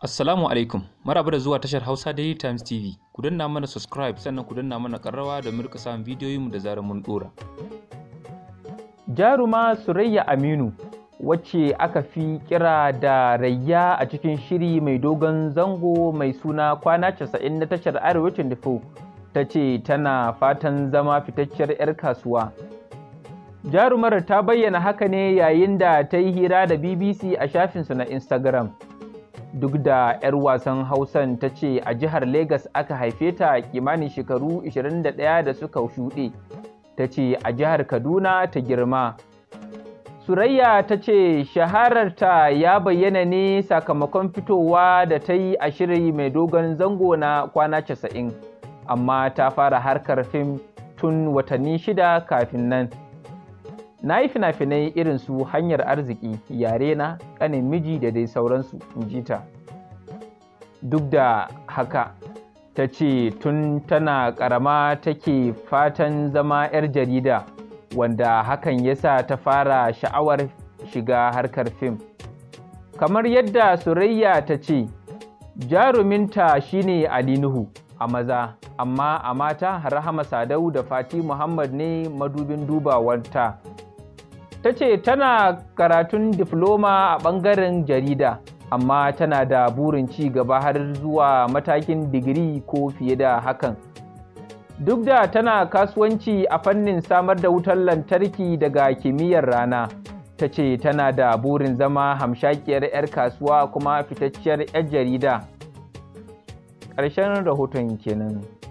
Assalamu alaikum, maraba da zuwa tashar Hausa Daily Times TV. Ku danna mana subscribe sannan ku danna mana karrawa da murka samun bidiyoyinmu da zarar mun dora. Jaruma Surayya Aminu wacce aka fi kira da rayya a cikin shiri mai dogon zango mai suna kwana 90 na tashar Arewacin Difo ta ce tana fatan zama fitacciyar 'yar kasuwa. Jarumar ta bayyana haka ne yayin da ta yi hira da BBC a shafinsa na Instagram. duk da 'yar wasan hausan ta ce a jihar Legas aka haife ta kimanin shekaru 21 da suka shuɗe ta ce a jihar Kaduna ta girma. Surayya ta ce shahararta ya bayyana ne sakamakon fitowa da ta yi a shiri mai dogon zango na kwana 90, amma ta fara harkar fim tun watanni shida kafin nan. Na yi fina-finai irin su Hanyar Arziki, Yare na, Ƙanin Miji da dai sauransu, in ji ta. Duk da haka, ta ce tun tana ƙarama take fatan zama 'yar jarida, wanda hakan ya sa ta fara sha'awar shiga harkar fim. Kamar yadda Surayya ta ce, jaruminta shine Ali Nuhu a maza, amma a mata Rahama Sadau da Fati Muhammad ne madubin dubawanta. ta ce tana karatun difloma a ɓangaren jarida amma tana da burin ci gaba har zuwa matakin digiri ko fiye da hakan duk da tana kasuwanci a fannin samar da wutar lantarki daga kimiyyar rana ta ce tana da burin zama hamshakiyar 'yar kasuwa kuma fitacciyar 'yar jarida ƙarshen rahoton kenan.